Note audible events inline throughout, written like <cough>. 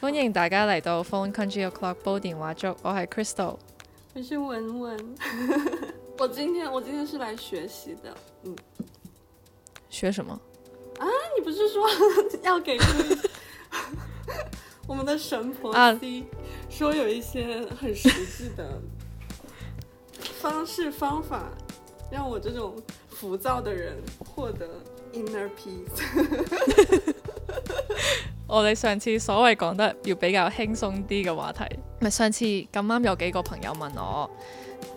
歡迎大家嚟到 Phone Congee o'clock 煲電話粥，我係 Crystal，我是文文， <laughs> 我今天我今天是來學習的，嗯，學什麼啊？你不是說呵呵要給 <laughs> <laughs> 我們的神婆阿 D、啊、說有一些很實際的方式 <laughs> 方法，讓我這種浮躁的人獲得 inner peace。 <laughs> 我哋上次所謂講得要比較輕鬆啲嘅話題，咪上次咁啱有幾個朋友問我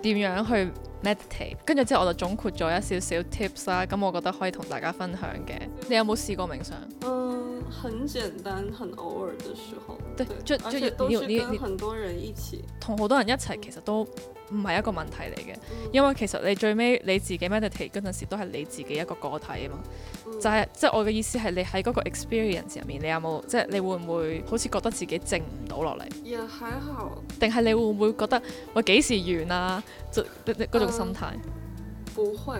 點樣去 meditate，跟住之後我就總括咗一少少 tips 啦，咁我覺得可以同大家分享嘅。你有冇試過冥想？嗯。很簡單，很偶爾的時候，對，要對，就而且都是跟很多人一起，同好多人一齊、嗯、其實都唔係一個問題嚟嘅。嗯、因為其實你最尾你自己 meditate 嗰陣時都係你自己一個個體啊嘛，嗯、就係即係我嘅意思係你喺嗰個 experience 入面你有冇即係你會唔會好似覺得自己靜唔到落嚟？也還好。定係你會唔會覺得我幾、呃、時完啊？就嗰、啊、種心態？不會。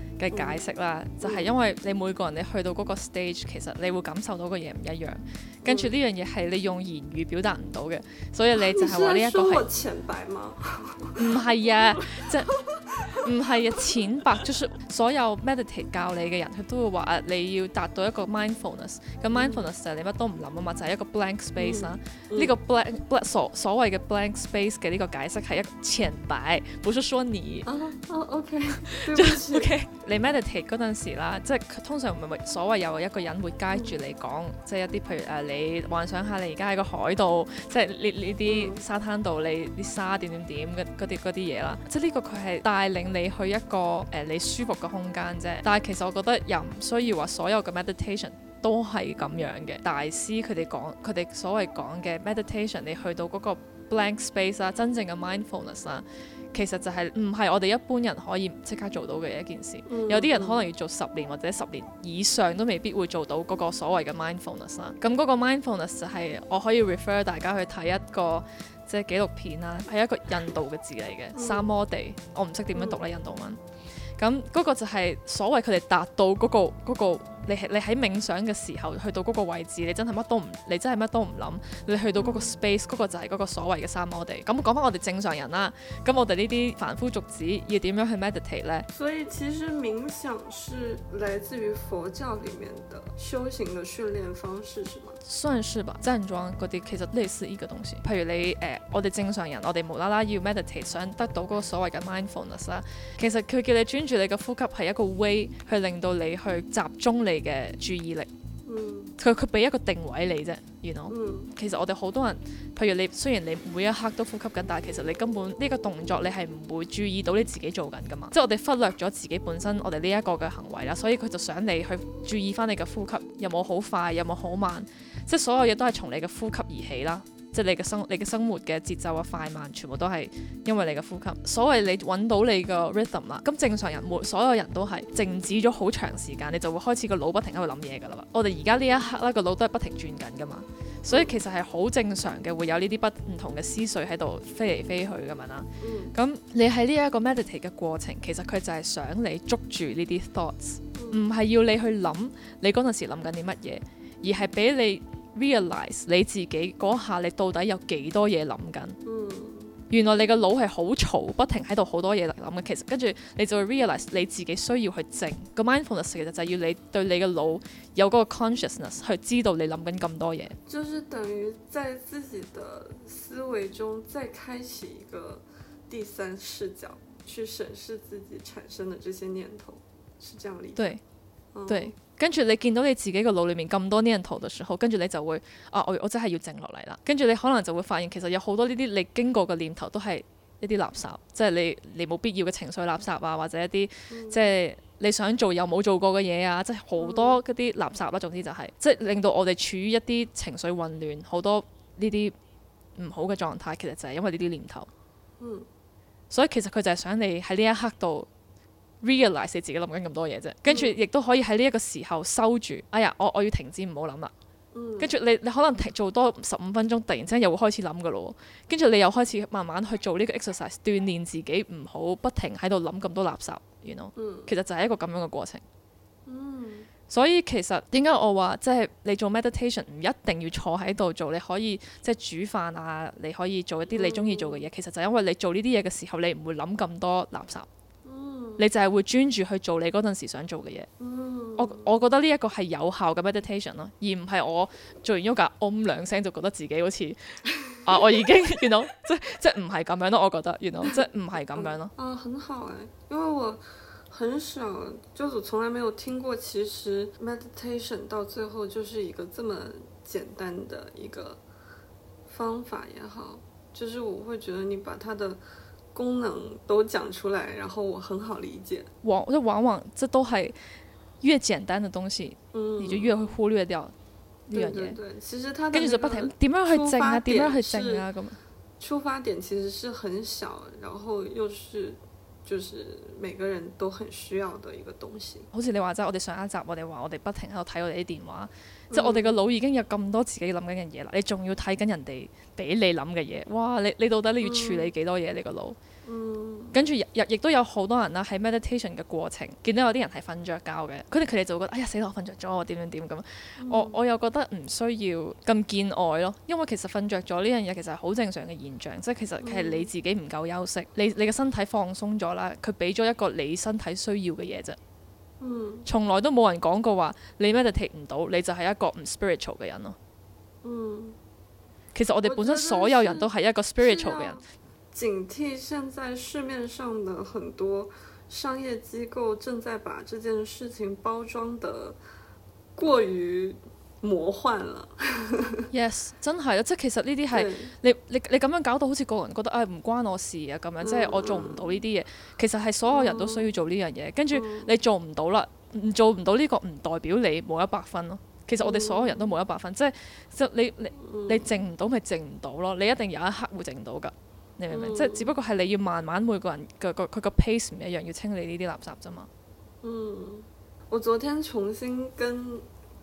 嘅解釋啦，嗯、就係因為你每個人你去到嗰個 stage，其實你會感受到個嘢唔一樣。嗯、跟住呢樣嘢係你用言語表達唔到嘅，所以你就係話呢一個係唔係啊？即係唔係啊？淺白、就是、所有 meditate 教你嘅人，佢都會話、啊、你要達到一個 mindfulness。咁 mindfulness 就係你乜都唔諗啊嘛，就係、是、一個 blank space 啦。呢、嗯嗯、個 blank, blank, 所所謂嘅 blank space 嘅呢個解釋係一個淺白，不是說你、啊哦、OK。 <laughs> okay. 你 meditate 陣時啦，即係佢通常唔係所謂有一個人會街住你講，即係一啲譬如誒、呃、你幻想下你而家喺個海度，即係呢呢啲沙灘度你啲沙點點點嗰啲啲嘢啦，即係呢個佢係帶領你去一個誒、呃、你舒服嘅空間啫。但係其實我覺得又唔需要話所有嘅 meditation 都係咁樣嘅，大師佢哋講佢哋所謂講嘅 meditation，你去到嗰個 blank space 啦、啊，真正嘅 mindfulness 啦、啊。其實就係唔係我哋一般人可以即刻做到嘅一件事。嗯、有啲人可能要做十年或者十年以上都未必會做到嗰個所謂嘅 mindfulness 啦。咁嗰個 mindfulness 就係、是、我可以 refer 大家去睇一個即係紀錄片啦，係一個印度嘅字嚟嘅三摩地，我唔識點樣讀咧印度文。咁嗰個就係所謂佢哋達到嗰個嗰個。那個你係你喺冥想嘅時候去到個位置，你真係乜都唔，你真係乜都唔諗。你去到個 space，、嗯、個就係個所謂嘅三摩地。咁講翻我哋正常人啦，咁我哋呢啲凡夫俗子要點樣去 meditate 咧？所以其實冥想是來自於佛教裡面的修行嘅訓練方式，是嗎？算是吧。站樁嗰啲其實類似呢個東西。譬如你誒、呃、我哋正常人，我哋無啦啦要 meditate 想得到個所謂嘅 mindfulness 啦、啊，其實佢叫你專注你嘅呼吸係一個 way 去令到你去集中你。你嘅注意力，佢佢俾一個定位你啫，you know? 嗯、其實我哋好多人，譬如你，雖然你每一刻都呼吸緊，但係其實你根本呢、這個動作你係唔會注意到你自己做緊噶嘛，即係我哋忽略咗自己本身我哋呢一個嘅行為啦，所以佢就想你去注意翻你嘅呼吸，有冇好快，有冇好慢，即係所有嘢都係從你嘅呼吸而起啦。即係你嘅生，你嘅生活嘅節奏啊、快慢，全部都係因為你嘅呼吸。所謂你揾到你嘅 rhythm 啦，咁正常人所有人都係靜止咗好長時間，你就會開始個腦不停喺度諗嘢㗎啦。我哋而家呢一刻啦，個腦都係不停轉緊㗎嘛，所以其實係好正常嘅，會有呢啲不唔同嘅思緒喺度飛嚟飛去咁樣啦。咁、嗯、你喺呢一個 meditate 嘅過程，其實佢就係想你捉住呢啲 thoughts，唔係要你去諗你嗰陣時諗緊啲乜嘢，而係俾你。realize 你自己嗰下你到底有幾多嘢諗緊？嗯、原來你個腦係好嘈，不停喺度好多嘢諗嘅。其實跟住你就會 realize 你自己需要去靜。個 mindfulness，其實就係要你對你嘅腦有嗰個 consciousness 去知道你諗緊咁多嘢。就是等於在自己的思維中再開啟一個第三視角，去審視自己產生的這些念頭，是這樣理解？對，對。um, 跟住你見到你自己個腦裡面咁多念頭嘅時候，跟住你就會啊，我我真係要靜落嚟啦。跟住你可能就會發現，其實有好多呢啲你經過嘅念頭都係一啲垃圾，即係你你冇必要嘅情緒垃圾啊，或者一啲即係你想做又冇做過嘅嘢啊，即係好多嗰啲垃圾啦、啊。總之就係、是、即係令到我哋處於一啲情緒混亂，多好多呢啲唔好嘅狀態，其實就係因為呢啲念頭。嗯、所以其實佢就係想你喺呢一刻度。realize 你自己諗緊咁多嘢啫，跟住亦都可以喺呢一個時候收住。哎呀，我我要停止唔好諗啦。跟住、嗯、你你可能停做多十五分鐘，突然之間又會開始諗噶咯。跟住你又開始慢慢去做呢個 exercise 鍛煉自己，唔好不停喺度諗咁多垃圾。You know? 嗯、其實就係一個咁樣嘅過程。嗯、所以其實點解我話即係你做 meditation 唔一定要坐喺度做，你可以即係、就是、煮飯啊，你可以做一啲你中意做嘅嘢。嗯、其實就係因為你做呢啲嘢嘅時候，你唔會諗咁多垃圾。你就係會專注去做你嗰陣時想做嘅嘢。嗯、我我覺得呢一個係有效嘅 meditation 咯、啊，而唔係我做完 yoga，哦兩聲就覺得自己好似啊，我已經原來 <laughs> you know,，即即唔係咁樣咯、啊。我覺得，原來 you know, 即唔係咁樣咯、啊 <laughs> 啊。啊，很好誒、欸，因為我很少，就是從來沒有聽過，其實 meditation 到最後就是一個這麼簡單嘅一個方法也好，就是我會覺得你把它的。功能都講出來，然後我很好理解。往這往往這都係越簡單的東西，嗯，你就越會忽略掉。對對對，其實它跟住就不停。點樣去整啊？點樣去整啊？咁，出發點其實是很小，然後又是就是每個人都很需要的一個東西。好似你話齋，我哋上一集我哋話，我哋不停喺度睇我哋啲電話。即係我哋個腦已經有咁多自己諗緊嘅嘢啦，你仲要睇緊人哋俾你諗嘅嘢，哇！你你到底你要處理幾多嘢？你個腦，嗯、跟住亦都有好多人啦喺 meditation 嘅過程見到有啲人係瞓着覺嘅，佢哋佢哋就會覺得，哎呀死咯，我瞓着咗，點樣點樣嗯、我點樣點咁？我我又覺得唔需要咁見外咯，因為其實瞓着咗呢樣嘢其實係好正常嘅現象，即係其實係你自己唔夠休息，你你個身體放鬆咗啦，佢俾咗一個你身體需要嘅嘢啫。嗯，從來都冇人講過話你 meditate 唔到，你就係一個唔 spiritual 嘅人咯。嗯，其實我哋本身所有人都係一個 spiritual 嘅人。警惕現在市面上的很多商業機構正在把這件事情包裝得過於魔幻啦 <laughs> ，yes，真係啊！即係其實呢啲係你你你咁樣搞到好似個人覺得啊哎、唔關我事啊咁樣，嗯、即係我做唔到呢啲嘢。其實係所有人都需要做呢樣嘢，跟住、嗯、你做唔到啦，唔做唔到呢個唔代表你冇一百分咯。其實我哋所有人都冇一百分，嗯、即係就你你你淨唔到咪淨唔到咯。你一定有一刻會淨唔到㗎，你明唔明？嗯、即係只不過係你要慢慢每個人個個佢個 pace 唔一樣，要清理呢啲垃圾啫嘛。嗯，我昨天重新跟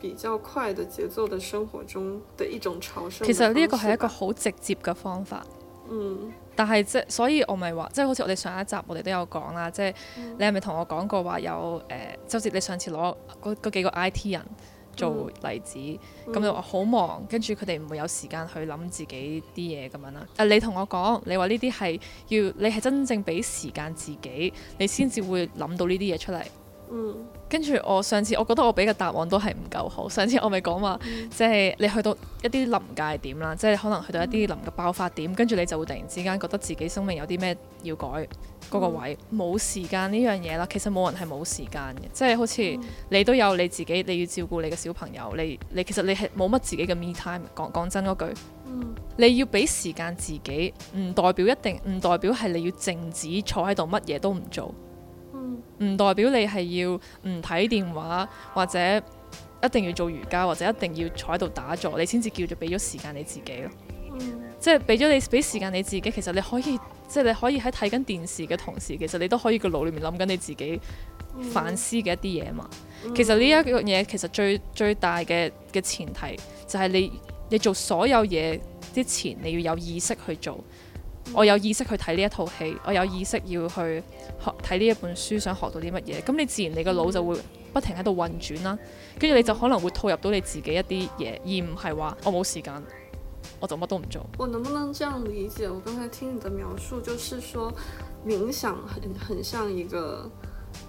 比較快的節奏的生活中的一種朝聖，其實呢一個係一個好直接嘅方法。嗯，但係即所以我咪話，即係好似我哋上一集我哋都有講啦，即係你係咪同我講過話有誒，即係你上次攞嗰嗰幾個 I T 人做例子，咁你話好忙，跟住佢哋唔會有時間去諗自己啲嘢咁樣啦。誒，你同我講，你話呢啲係要你係真正俾時間自己，你先至會諗到呢啲嘢出嚟。跟住、嗯、我上次，我覺得我俾嘅答案都係唔夠好。上次我咪講話，即係、嗯、你去到一啲臨界點啦，即係可能去到一啲臨嘅爆發點，跟住、嗯、你就會突然之間覺得自己生命有啲咩要改嗰、嗯、個位，冇時間呢樣嘢啦。其實冇人係冇時間嘅，即係好似你都有你自己，你要照顧你嘅小朋友，你你其實你係冇乜自己嘅 me time。講講真嗰句，嗯、你要俾時間自己，唔代表一定，唔代表係你要靜止坐喺度乜嘢都唔做。唔代表你係要唔睇電話，或者一定要做瑜伽，或者一定要坐喺度打坐，你先至叫做俾咗時間你自己咯。嗯、即係俾咗你俾時間你自己，其實你可以即係你可以喺睇緊電視嘅同時，其實你都可以個腦裏面諗緊你自己反思嘅一啲嘢嘛。其實呢一樣嘢其實最最大嘅嘅前提就係、是，你你做所有嘢之前，你要有意識去做。我有意識去睇呢一套戲，我有意識要去學睇呢一本書，想學到啲乜嘢。咁你自然你個腦就會不停喺度運轉啦。跟住你就可能會套入到你自己一啲嘢，而唔係話我冇時間，我就乜都唔做。我能不能這樣理解？我剛才聽你的描述，就是說冥想很很像一個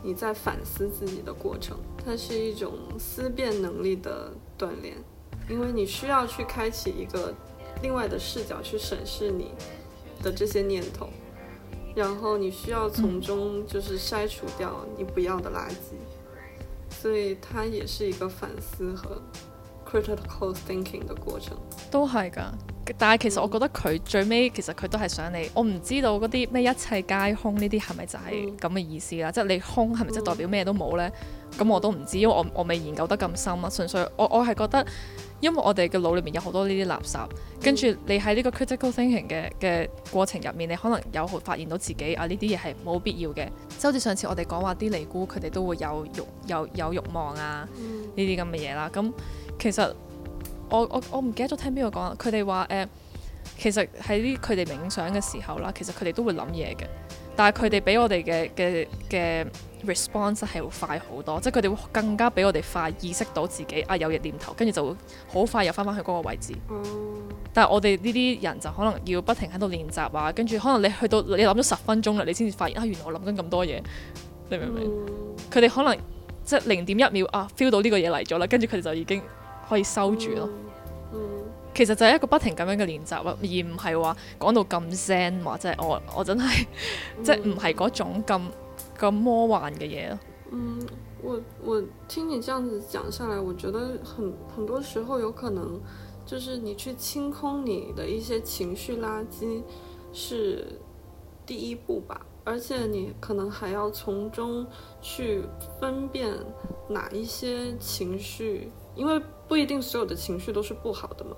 你在反思自己的過程，它是一種思辨能力的鍛煉，因為你需要去開啟一個另外的視角去審視你的這些念頭，然後你需要從中就是篩除掉你不要的垃圾，嗯、所以它也是一個反思和 critical thinking 的過程。都係噶，但係其實我覺得佢最尾其實佢都係想你，我唔知道嗰啲咩一切皆空呢啲係咪就係咁嘅意思啦，即係你空係咪即代表咩都冇呢？嗯，咁我都唔知，因為我我未研究得咁深啊，純粹我我係覺得。因為我哋嘅腦裏面有好多呢啲垃圾，嗯、跟住你喺呢個 critical thinking 嘅嘅過程入面，你可能有好發現到自己啊呢啲嘢係冇必要嘅。就好似上次我哋講話啲尼姑，佢哋都會有欲有有慾望啊呢啲咁嘅嘢啦。咁其實我我我唔記得咗聽邊個講，佢哋話誒，其實喺啲佢哋冥想嘅時候啦，其實佢哋都會諗嘢嘅。但係佢哋比我哋嘅嘅嘅 response 係會快好多，即係佢哋會更加比我哋快意識到自己啊有嘢念頭，跟住就會好快又翻返去嗰個位置。但係我哋呢啲人就可能要不停喺度練習啊，跟住可能你去到你諗咗十分鐘啦，你先至發現啊原來我諗緊咁多嘢，你明唔明？佢哋、嗯、可能即係零點一秒啊 feel 到呢個嘢嚟咗啦，跟住佢哋就已經可以收住咯。其實就係一個不停咁樣嘅練習，而唔係話講到咁聲，或者我我真係即係唔係嗰種咁咁、嗯、魔幻嘅嘢。嗯，我我聽你這樣子講下來，我覺得很很多時候有可能就是你去清空你的一些情緒垃圾是第一步吧，而且你可能還要從中去分辨哪一些情緒，因為不一定所有嘅情緒都是不好的嘛。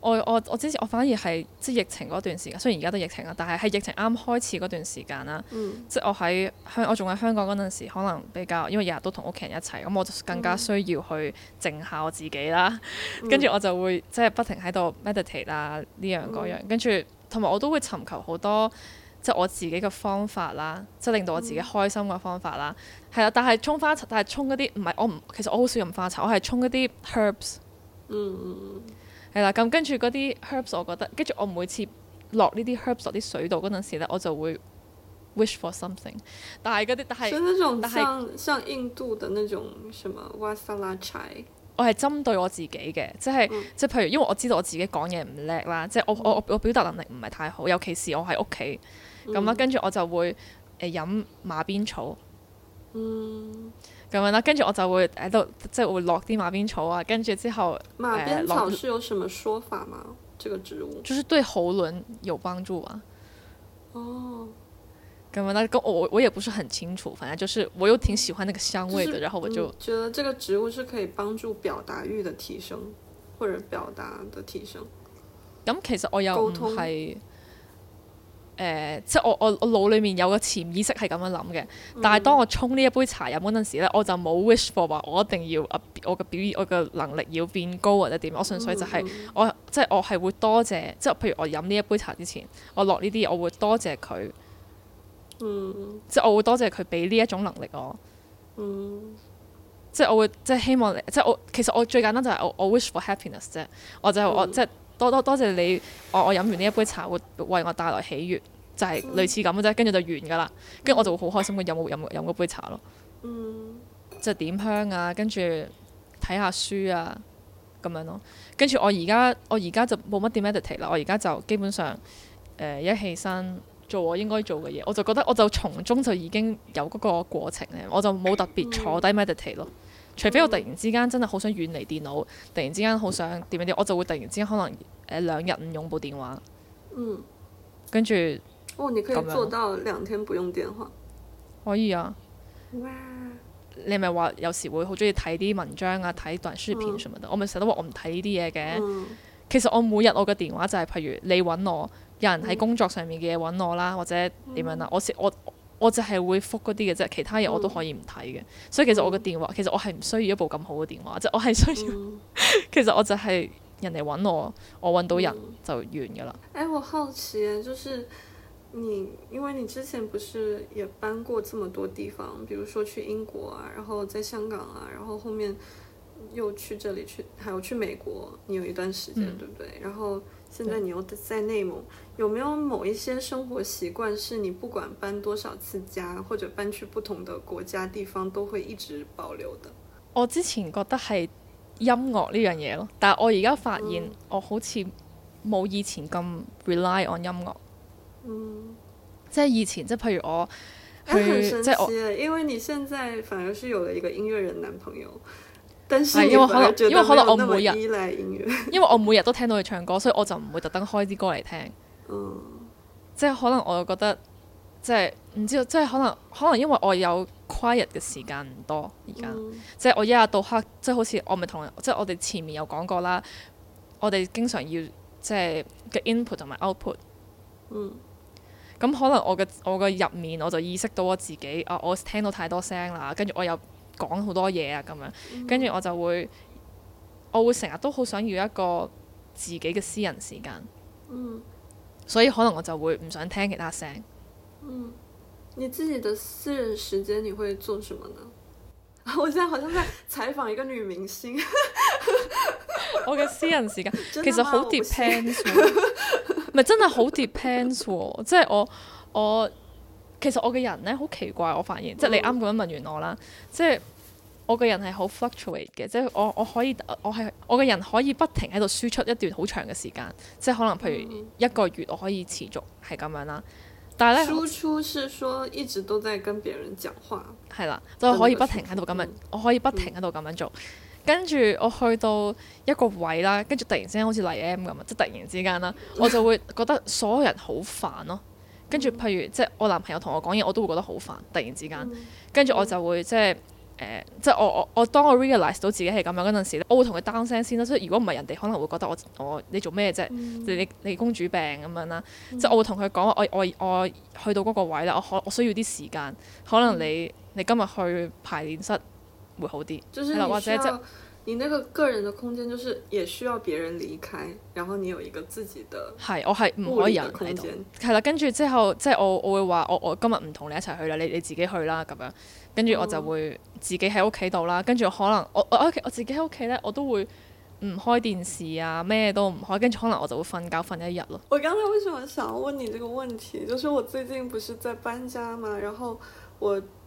我我我之前我反而係即係疫情嗰段時間，雖然而家都疫情啦，但係係疫情啱開始嗰段時間啦。嗯。即係我喺香，我仲喺香港嗰陣時，可能比較因為日日都同屋企人一齊，咁我就更加需要去靜下我自己啦。嗯。跟住我就會即係不停喺度 meditate 啦，呢樣嗰樣。嗯。跟住同埋我都會尋求好多即係我自己嘅方法啦，即係令到我自己開心嘅方法啦。係啦，嗯，但係沖花茶，但係沖嗰啲唔係我唔，其實我好少飲花茶，我係沖一啲 herbs。嗯。係啦，咁跟住嗰啲 herbs，我覺得，跟住我每次落呢啲 herbs 落啲水度嗰陣時咧，我就會 wish for something 但。但係嗰啲，種但係是，但係，像印度的那種什麼瓦薩拉柴，我係針對我自己嘅，即係即係，嗯、譬如因為我知道我自己講嘢唔叻啦，即、就、係、是、我我、嗯、我表達能力唔係太好，尤其是我喺屋企咁啦，嗯、跟住我就會誒、呃、飲馬鞭草。嗯。咁啊，跟住我就會喺度，即係會落啲馬鞭草啊。跟住之後，馬鞭草是有什麼說法嗎？這個植物就是對喉嚨有幫助啊。哦，咁啊，那跟我我也不是很清楚，反正就是我又挺喜歡那個香味的，就是、然後我就、嗯、覺得這個植物是可以幫助表達欲的提升或者表達的提升。咁、嗯、其實我又通。係、嗯。誒，uh, 即係我我我腦裡面有個潛意識係咁樣諗嘅，嗯、但係當我沖呢一杯茶飲嗰陣時咧，我就冇 wish for 話我一定要我嘅表現我嘅能力要變高或者點，我純粹就係、是嗯嗯、我即係我係會多謝，即係譬如我飲呢一杯茶之前，我落呢啲嘢，我會多謝佢，嗯、即係我會多謝佢俾呢一種能力我，嗯、即係我會即係希望，即係我其實我最簡單就係我,我 wish for happiness 啫，我就係、嗯、我即係多多多謝你，我我飲完呢一杯茶會為我帶來喜悦。就係類似咁嘅啫，跟住就完噶啦。跟住我就會好開心，佢飲、飲、飲杯茶咯。嗯。即係點香啊，跟住睇下書啊，咁樣咯。跟住我而家我而家就冇乜點 meditate 啦。我而家就，就基本上誒、呃、一起身做我應該做嘅嘢，我就覺得我就從中就已經有嗰個過程咧，我就冇特別坐低 meditate 咯。嗯、除非我突然之間真係好想遠離電腦，突然之間好想點樣啲，我就會突然之間可能誒、呃、兩日唔用部電話。跟住、嗯。哦、你可以做到兩天不用電話，樣可以啊！哇你係咪話有時會好中意睇啲文章啊，睇段書片什麼的，全部都，我咪成日都話我唔睇呢啲嘢嘅。嗯、其實我每日我嘅電話就係、是，譬如你搵我，有人喺工作上面嘅嘢搵我啦，或者點樣啊，嗯、我我我就係會復嗰啲嘅啫，其他嘢我都可以唔睇嘅。嗯、所以其實我嘅電話，其實我係唔需要一部咁好嘅電話，即、就、係、是、我係需要、嗯。其實我就係人哋搵我，我搵到人就完噶啦。誒、嗯，我好奇，啊，就是。你因為你之前不是也搬過這麼多地方，比如說去英國啊，然後在香港啊，然后後面又去這裏去，還有去美國，你有一段時間、嗯、對不對？然後現在你又在內蒙，有沒有某一些生活習慣是你不管搬多少次家或者搬去不同的國家地方都會一直保留的？我之前覺得係音樂呢樣嘢咯，但我而家發現、嗯、我好似冇以前咁 rely on 音樂。嗯，即係以前，即係譬如我，係很神奇，即係我，因為你現在反而是有了一個音樂人男朋友，但係因為可能，因為可能我每日， <laughs> 因為我每日都聽到佢唱歌，所以我就唔會特登開啲歌嚟聽。嗯，即係可能我又覺得，即係唔知道，即係可能，可能因為我有 quiet 嘅時間唔多而家，嗯，即係我一日到黑，即係好似我咪同，即係我哋前面有講過啦，我哋經常要即係嘅 input 同埋 output，嗯。咁、嗯、可能我嘅我嘅入面我就意識到我自己啊，我聽到太多聲啦，跟住我又講好多嘢啊，咁樣跟住我就會，我會成日都好想要一個自己嘅私人時間。嗯、所以可能我就會唔想聽其他聲。嗯，你自己的私人時間，你會做什麼呢？ <laughs> 我現在好像在採訪一個女明星。 <laughs> 我嘅私人時間其實好 depend。不 <laughs> 咪 <laughs> 真係好 depends 喎、哦， <laughs> 即係我我其實我嘅人咧好奇怪，我發現 <laughs> 即係你啱咁樣問完我啦，即係我嘅人係好 fluctuate 嘅，即係我我可以我係我嘅人可以不停喺度輸出一段好長嘅時間，即係可能譬如一個月我可以持續係咁樣啦，但係咧 <laughs> 輸出是說一直都在跟別人講話，係啦，就可以不停喺度咁樣，我可以不停喺度咁樣做。跟住我去到一個位啦，跟住突然之間好似嚟 M 咁啊，即突然之間啦， <laughs> 我就會覺得所有人好煩咯。跟住譬如即係我男朋友同我講嘢，我都會覺得好煩，突然之間。跟住我就會即係誒，即係、呃、我我我當我 realize 到自己係咁樣嗰陣時咧，我會同佢 down 聲先啦。即係如果唔係人哋可能會覺得我我你做咩啫？嗯、你你公主病咁樣啦。即係我會同佢講，我我我，我去到嗰個位啦，我可我需要啲時間。可能你、嗯、你今日去排練室。會好啲，嗱，或者你那個個人嘅空間，就是也需要別人離開，然後你有一個自己的係，我係唔可以有人嘅空間，係啦，跟住之後即係我我會話我我今日唔同你一齊去啦，你你自己去啦咁樣，跟住我就會自己喺屋企度啦，嗯、跟住可能我我屋企我自己喺屋企咧，我都會唔開電視啊，咩都唔開，跟住可能我就會瞓覺瞓一日咯。我剛才為什麼想問你這個問題，就是我最近不是在搬家嘛，然後我。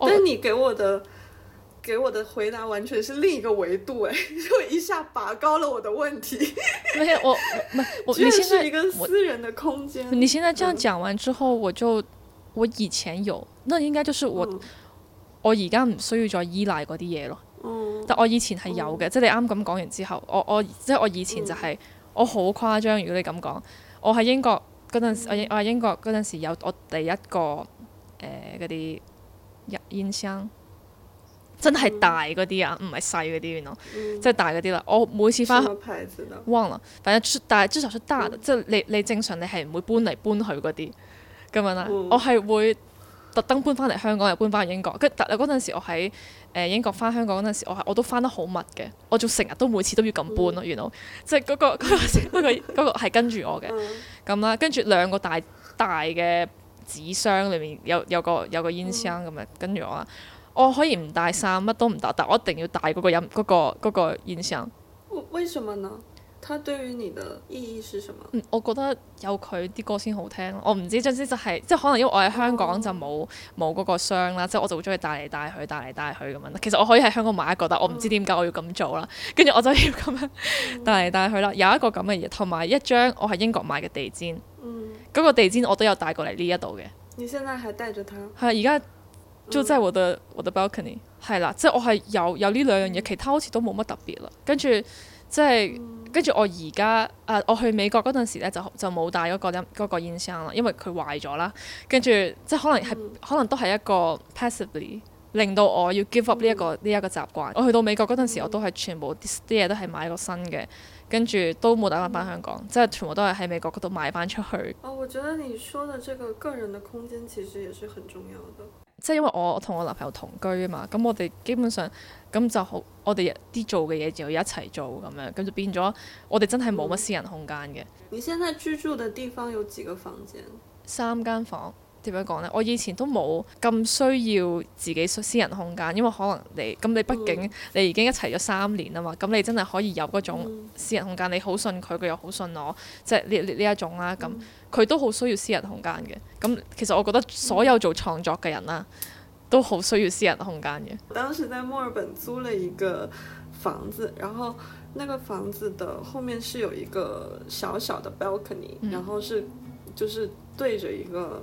但你給我的我給我的回答完全是另一個維度，誒， <laughs> 就一下拔高了我的問題。因為 Operations <laughs> 我我我你現在一個私人的空間，我 <laughs> 你現在這樣講完之後，我就我以前有，那應該就是我、嗯、我而家唔需要再依賴嗰啲嘢咯。嗯嗯、但我以前係有嘅，即係你啱咁講完之後，我我即係我以前就係、是嗯、我好誇張。如果你咁講，我喺英國嗰陣時，我我喺英國嗰陣時有我第一個誒嗰啲。呃入音箱，真係大嗰啲啊，唔係細嗰啲咯，原來嗯、即係大嗰啲啦。我每次翻，了牌子了忘了，反正出但係出常出單，即係、嗯、你你正常你係唔會搬嚟搬去嗰啲咁樣啦。嗯、我係會特登搬翻嚟香港又搬翻去英國。跟特嗰陣時我喺誒英國翻香港嗰陣時，我係我都翻得好密嘅。我仲成日都每次都要咁搬咯，嗯、原來即係嗰個嗰、嗰個嗰、嗰個嗰個係跟住我嘅咁啦。跟住兩個大大嘅。紙箱裏面有有個有個音箱咁樣，跟住、嗯、我話：我可以唔帶衫，乜、嗯、都唔帶，但我一定要帶嗰個音嗰、嗰個音、嗰個、箱。為什麼呢？它對於你的意義是什麼？我覺得有佢啲歌先好聽。我唔知，總之就係、是、即係可能因為我喺香港就冇冇嗰個箱啦，即係我就會中意帶嚟帶去，帶嚟帶去咁樣。其實我可以喺香港買一個，但我唔知點解我要咁做啦。跟住、嗯、我就要咁樣 <laughs> 帶嚟帶去啦。有一個咁嘅嘢，同埋一張我喺英國買嘅地氈。嗰、嗯、個地氈我都有帶過嚟呢一度嘅。你現在還帶著佢？係而家就真係我的、嗯、我的 balcony 係啦，即、就、係、是、我係有有呢兩樣嘢，其他好似都冇乜特別啦。跟住即係跟住我而家誒，我去美國嗰陣時咧就就冇帶嗰、嗰個音箱啦，因為佢壞咗啦。跟住即係可能係、嗯、可能都係一個 passively 令到我要 give up 呢、呢、一個呢一、嗯、個習慣。我去到美國嗰陣時、嗯、我都係全部啲嘢都係買個新嘅。跟住都冇打算返香港，嗯、即係全部都係喺美國嗰度賣翻出去。哦，我覺得你說嘅這個個人嘅空間其實也是很重要的。即係因為我同我男朋友同居啊嘛，咁我哋基本上咁就好，我哋啲做嘅嘢就要一齊做咁樣，咁就變咗我哋真係冇乜私人空間嘅、嗯。你現在居住嘅地方有幾個房間？三間房。點樣講呢？我以前都冇咁需要自己私人空間，因為可能你咁你畢竟、嗯、你已經一齊咗三年啊嘛，咁你真係可以有嗰種私人空間，嗯、你好信佢，佢又好信我，即係呢呢一種啦、啊。咁佢、嗯、都好需要私人空間嘅。咁其實我覺得所有做創作嘅人啦，都好需要私人空間嘅。當時在墨爾本租了一個房子，然後那個房子的後面是有一個小小的 balcony，嗯、然後是就是對着一個。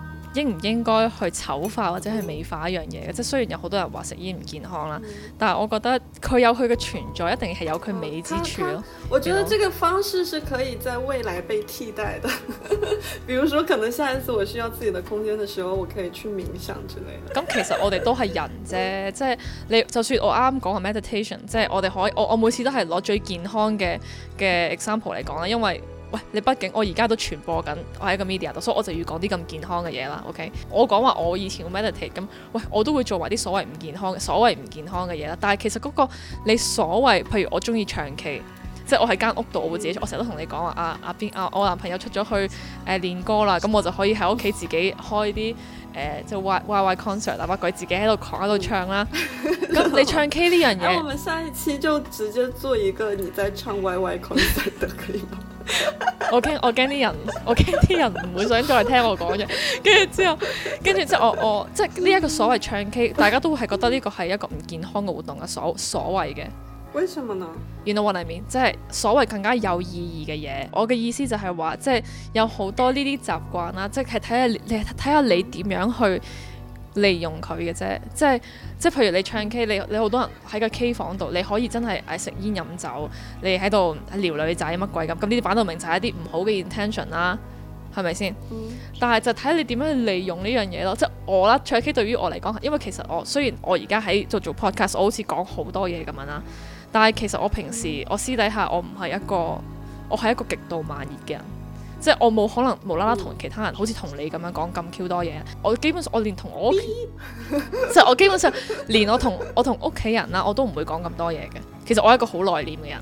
應唔應該去醜化或者去美化一樣嘢嘅？即係雖然有好多人話食煙唔健康啦，嗯、但係我覺得佢有佢嘅存在，一定係有佢美之處咯。啊、我覺得這個方式是可以在未來被替代的。 <laughs> 比如說，可能下一次我需要自己的空間的時候，我可以去冥想之類。咁其實我哋都係人啫，嗯、即係你就算我啱啱講嘅 meditation，即係我哋可以，我我每次都係攞最健康嘅嘅 example 嚟講啦，因為。喂，你畢竟我而家都傳播緊，我喺一個 media 度，所以我就要講啲咁健康嘅嘢啦。OK，我講話我以前 meditate 咁，喂，我都會做埋啲所謂唔健康、所謂唔健康嘅嘢啦。但係其實嗰個你所謂，譬如我中意唱 K，即係我喺間屋度，我會自己，嗯、我成日都同你講話啊啊邊啊，啊，我男朋友出咗去誒、呃、練歌啦，咁我就可以喺屋企自己開啲誒、呃，就 YY concert 啊，或自己喺度狂喺度唱啦。咁、嗯、你唱 K 啲人，咁、 <laughs> 啊、我哋下一期就直接做一個你再唱 YY concert 的，可以 <laughs> <laughs> <laughs> 我驚我驚啲人，我驚啲人唔會想再嚟聽我講嘢。跟住之後，跟住即係我我即係呢一個所謂唱 K，K 大家都會係覺得呢個係一個唔健康嘅活動嘅所所謂嘅。為什麼呢？原來話裏面即係所謂更加有意義嘅嘢。我嘅意思就係話，即係有好多呢啲習慣啦，即係睇下你睇下你點樣去。利用佢嘅啫，即係即係，譬如你唱 K，你你好多人喺個 K 房度，你可以真係誒食煙飲酒，你喺度撩女仔乜鬼咁，咁呢啲擺到明就係一啲唔好嘅 intention 啦，係咪先？嗯、但係就睇你點樣去利用呢樣嘢咯。即係我啦，唱 K 對於我嚟講，因為其實我雖然我而家喺做做 podcast，我好似講好多嘢咁樣啦，但係其實我平時、嗯、我私底下我唔係一個，我係一個極度慢熱嘅人。即係我冇可能無啦啦同其他人好似同你咁樣講咁 Q 多嘢，我基本上我連同我即係我基本上連我同我同屋企人啦，我都唔會講咁多嘢嘅。其實我係一個好內斂嘅人。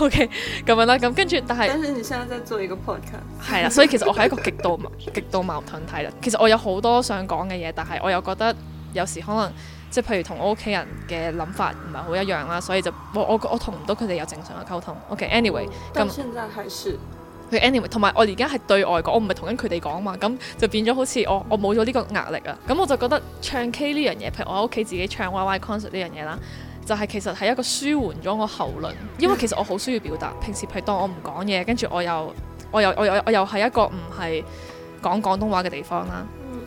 OK，咁樣啦，咁跟住但係，但係你現在在做一個 podcast，係啦，所以其實我係一個極度極度矛盾體啦。其實我有好多想講嘅嘢，但係我又覺得有時可能即係譬如同我屋企人嘅諗法唔係好一樣啦，所以就我我同唔到佢哋有正常嘅溝通。OK，anyway，咁，現在還是。Anyway, 同埋我而家係對外講，我唔係同緊佢哋講嘛，咁就變咗好似我我冇咗呢個壓力啊，咁我就覺得唱 K 呢樣嘢，譬如我喺屋企自己唱，yy concert 呢樣嘢啦，就係、是、其實係一個舒緩咗我喉嚨，因為其實我好需要表達，平時譬如當我唔講嘢，跟住我又我又我又我又係一個唔係講廣東話嘅地方啦，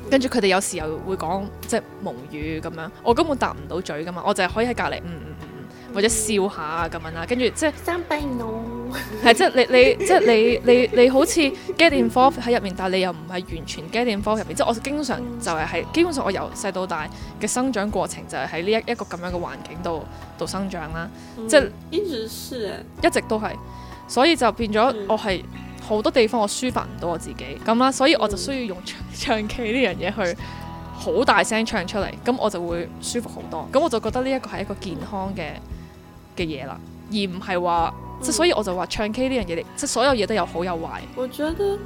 跟住佢哋有時又會講即係蒙語咁樣，我根本答唔到嘴㗎嘛，我就係可以喺隔籬或者笑下咁樣啦，跟住即係生即係你你即係你你你好似 get involved 喺入面，但係你又唔係完全 get involved 入面。即係我經常就係喺基本上我由細到大嘅生長過程就係喺呢一一個咁樣嘅環境度度生長啦。即係一直係一直都係，所以就變咗我係好多地方我抒發唔到我自己咁啦，所以我就需要用唱唱 K 呢樣嘢去好大聲唱出嚟，咁我就會舒服好多。咁我就覺得呢一個係一個健康嘅。嘅嘢啦，而唔係話即所以我就話唱 K 呢樣嘢，嗯、即所有嘢都有好有壞。我覺得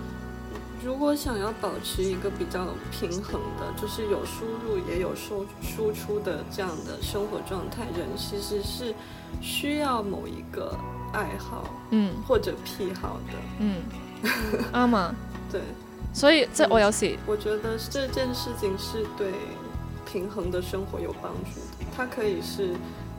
如果想要保持一個比較平衡的，就是有輸入也有收輸出的這樣的生活狀態，人其實是需要某一個愛好，嗯，或者癖好的，嗯，啱嘛、 <laughs> 嗯， <laughs> 對，所以、嗯、即我有時，我覺得這件事情是對平衡的生活有幫助的，它可以是。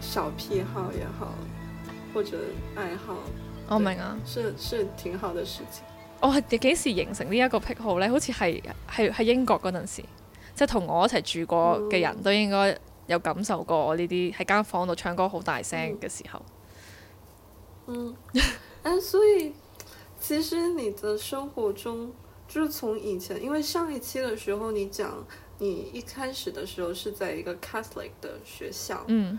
小癖好也好，或者愛好，我明啊，是是挺好的事情。我係幾時形成呢一個癖好呢？好似係係喺英國嗰陣時，即係同我一齊住過嘅人、嗯、都應該有感受過我呢啲喺間房度唱歌好大聲嘅時候。嗯，誒、嗯 <laughs> 啊，所以其實你的生活中，就是從以前，因為上一期的時候你講，你一開始的時候是在一個 Catholic 的學校，嗯。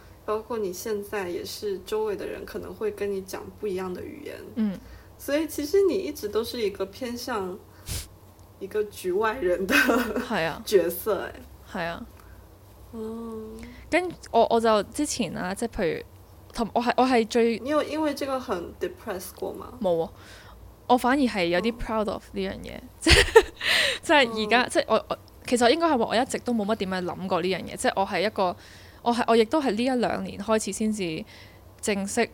包括你現在也是周圍的人可能會跟你講不一樣的語言，嗯，所以其實你一直都是一個偏向一個局外人的係啊角色誒，係、嗯、啊，啊嗯、跟我我就之前啊，即係譬如同我係我係最你有因為這個很 depress 過嘛，冇啊，我反而係有啲 proud of 呢、嗯、樣嘢， <laughs> 即係在、嗯、即係而家即係我我其實應該係話我一直都冇乜點樣諗過呢樣嘢，即係我係一個。我係我亦都係呢一兩年開始先至正式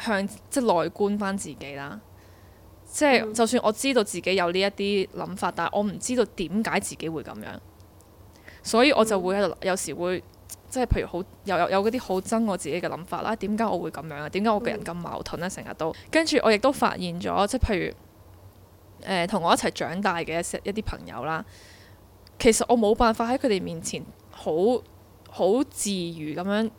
向即係內觀返自己啦。即係、嗯、就算我知道自己有呢一啲諗法，但係我唔知道點解自己會咁樣，所以我就會喺度、嗯、有時會即係譬如好有有嗰啲好憎我自己嘅諗法啦。點解我會咁樣啊？點解我個人咁矛盾咧？成日都跟住我亦都發現咗，即係譬如誒同、呃、我一齊長大嘅一一啲朋友啦，其實我冇辦法喺佢哋面前好好自如咁樣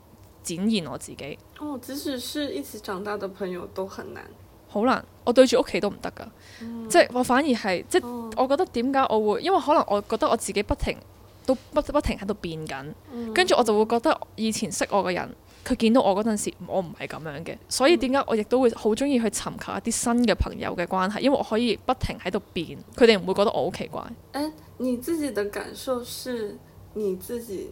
展現我自己。哦，即使是，是一起長大的朋友都很難。好難，我對住屋企都唔得㗎。嗯、即係我反而係，即、哦、我覺得點解我會，因為可能我覺得我自己不停，都不不停喺度變緊。跟住、嗯、我就會覺得以前識我嘅人，佢見到我嗰陣時，我唔係咁樣嘅。所以點解我亦都會好中意去尋求一啲新嘅朋友嘅關係，因為我可以不停喺度變，佢哋唔會覺得我好奇怪、嗯欸。你自己嘅感受是你自己？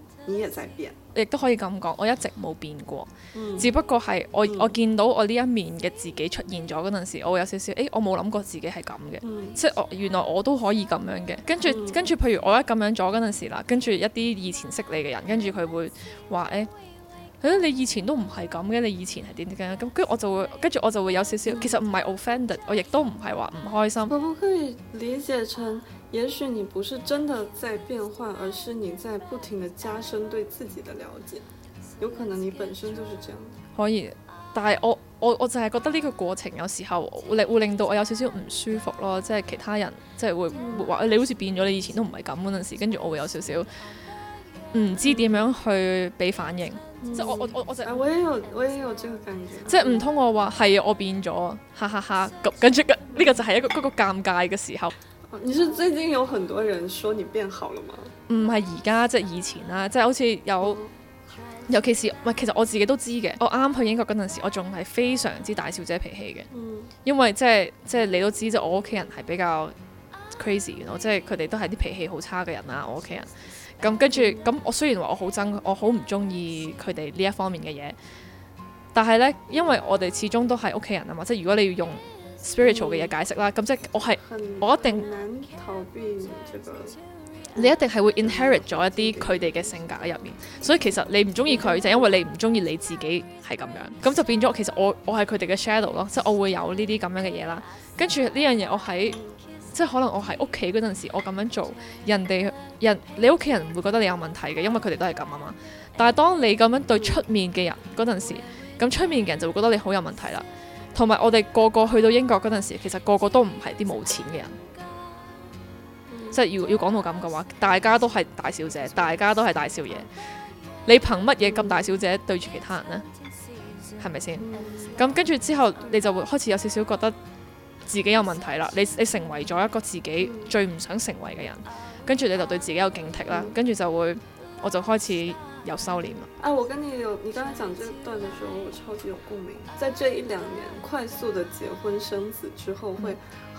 你亦就變，亦都可以咁講。我一直冇變過，嗯、只不過係我、嗯、我見到我呢一面嘅自己出現咗嗰陣時，我會有少少，誒、欸，我冇諗過自己係咁嘅，嗯、即係我原來我都可以咁樣嘅。跟住、嗯、跟住，譬如我一咁樣咗嗰陣時啦，跟住一啲以前識你嘅人，跟住佢會話誒、欸欸，你以前都唔係咁嘅，你以前係點嘅？咁跟住我就會跟住我就會有少少，嗯、其實唔係 offended，我亦都唔係話唔開心。都可以理解成。也許你不是真的在變化，而是你在不停的加深對自己的了解。有可能你本身就是這樣。可以，但係我我我就係覺得呢個過程有時候令會，會令到我有少少唔舒服咯，即係其他人即係會、嗯、會話你好似變咗，你以前都唔係咁嗰陣時，跟住我會有少少唔知點樣去俾反應。嗯、即係我我我我就是啊、我呢個感覺我有個最尷尬，即係唔通我話係我變咗，哈哈哈，哈！咁跟住呢、嗯、個就係一個嗰、那個尷尬嘅時候。你是最近有很多人說你變好了嗎？唔係，而家即係以前啦，即係好似有，嗯、尤其是其實我自己都知嘅。我啱啱去英國嗰陣時，我仲係非常之大小姐脾氣嘅，嗯、因為即係即係你都知，即係我屋企人係比較 crazy 嘅，即係佢哋都係啲脾氣好差嘅人啦。我屋企人咁跟住咁，我雖然話我好憎，我好唔中意佢哋呢一方面嘅嘢，但係呢，因為我哋始終都係屋企人啊嘛，即係如果你要用。Spiritual 嘅嘢解釋啦，咁即係我係我一定，你一定係會 inherit 咗一啲佢哋嘅性格喺入面，所以其實你唔中意佢就因為你唔中意你自己係咁樣，咁就變咗其實我我係佢哋嘅 shadow 咯，即係我會有呢啲咁樣嘅嘢啦。跟住呢樣嘢我喺即係可能我喺屋企嗰陣時我咁樣做，人哋人你屋企人唔會覺得你有問題嘅，因為佢哋都係咁啊嘛。但係當你咁樣對出面嘅人嗰陣時，咁出面嘅人就會覺得你好有問題啦。同埋我哋個個去到英國嗰陣時，其實個個都唔係啲冇錢嘅人，即係要要講到咁嘅話，大家都係大小姐，大家都係大少爺，你憑乜嘢咁大小姐對住其他人呢？係咪先？咁跟住之後，你就會開始有少少覺得自己有問題啦。你你成為咗一個自己最唔想成為嘅人，跟住你就對自己有警惕啦。跟住就會，我就開始。有收斂嗎？啊，我跟你有，你剛才講這段的時候，我超級有共鳴。在這一兩年快速的結婚生子之後，會。嗯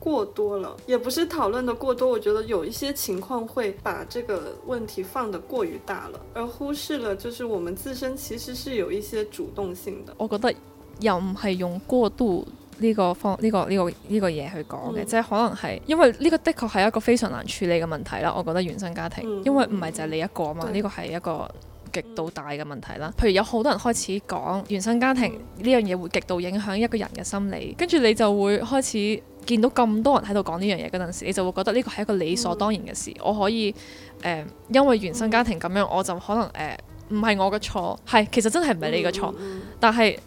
過多了，也不是討論得過多。我覺得有一些情況會把這個問題放得過於大了，而忽視了，就是我們自身其實是有一些主動性的。我覺得又唔係用過度呢個方呢、呢個呢、呢個呢、呢個嘢、呢個、去講嘅，即係、嗯、可能係因為呢個的確係一個非常難處理嘅問題啦。我覺得原生家庭，嗯、因為唔係就係你一個啊嘛，呢對個係一個極度大嘅問題啦。譬如有好多人開始講原生家庭呢、嗯、樣嘢會極度影響一個人嘅心理，跟住你就會開始。見到咁多人喺度講呢樣嘢嗰陣時，你就會覺得呢個係一個理所當然嘅事。嗯、我可以誒、呃，因為原生家庭咁樣，我就可能誒，呃、唔係我嘅錯，係其實真係唔係你嘅錯，嗯、但係，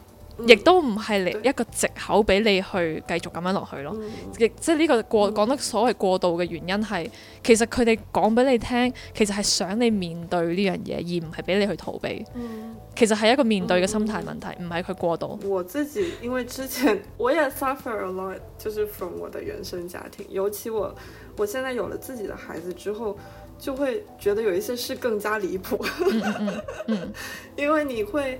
亦都唔係嚟一個藉口俾你去繼續咁樣落去咯，亦即係呢個過講得、嗯、所謂過度嘅原因係，其實佢哋講俾你聽，其實係想你面對呢樣嘢，而唔係俾你去逃避。嗯、其實係一個面對嘅心態問題，唔係佢過度。我自己因為之前我也 suffer a lot，就是 from 我的原生家庭，尤其我，我現在有了自己的孩子之後，就會覺得有一些事更加離譜， <laughs> 嗯嗯嗯、因為你會。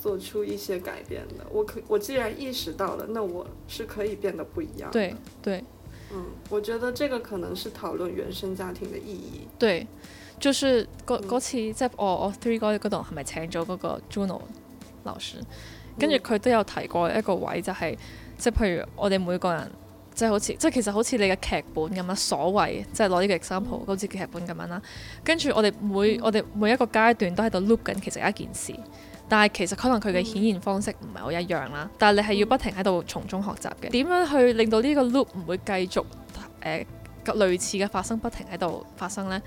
做出一些改變的我，可我既然意識到了，那我是可以變得不一樣對。對對、嗯，我覺得這個可能是討論原生家庭的意義。對，就是 Go Go、嗯、我我 3GOY 嗰度，係咪請咗嗰個 Juno 老師，跟住佢都有提過一個位，就係、是、即係譬如我哋每個人即係好似即係其實好似你嘅劇本咁樣，所謂即係攞呢個 example 好似劇本咁樣啦。跟住我哋每、嗯、我哋每一個階段都喺度 look 緊，其實一件事。但係其實可能佢嘅顯現方式唔係好一樣啦。嗯、但係你係要不停喺度從中學習嘅。點、嗯、樣去令到呢個 loop 唔會繼續誒個、呃、類似嘅發生，不停喺度發生呢？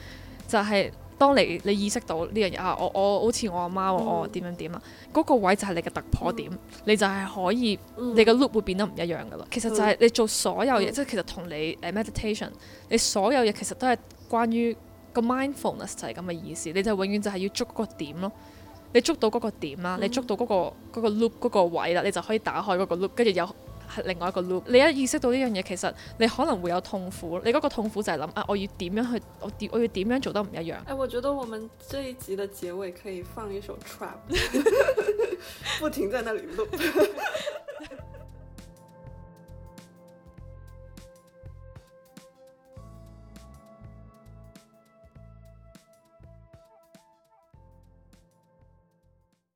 就係、是、當你你意識到呢樣嘢啊，我我，我好似我阿媽，媽、嗯、我點樣點呀？嗰、那個位就係你嘅突破點，嗯、你就係可以、嗯、你嘅 loop 會變得唔一樣㗎喇。其實就係你做所有嘢，即係、嗯、其實同你 meditation，你所有嘢其實都係關於個 mindfulness 就係咁嘅意思。你就永遠就係要捉個點咯。你捉到嗰個點啦，嗯、你捉到嗰、嗰個嗰個 loop 嗰個位啦，你就可以打開嗰個 loop，跟住有另外一個 loop。你一意識到呢樣嘢，其實你可能會有痛苦。你嗰個痛苦就係諗啊，我要點樣去，我我要點樣做得唔一樣。誒、哎，我覺得我們這一集嘅結尾可以放一首 trap， <laughs> <laughs> 不停在那裡 <laughs>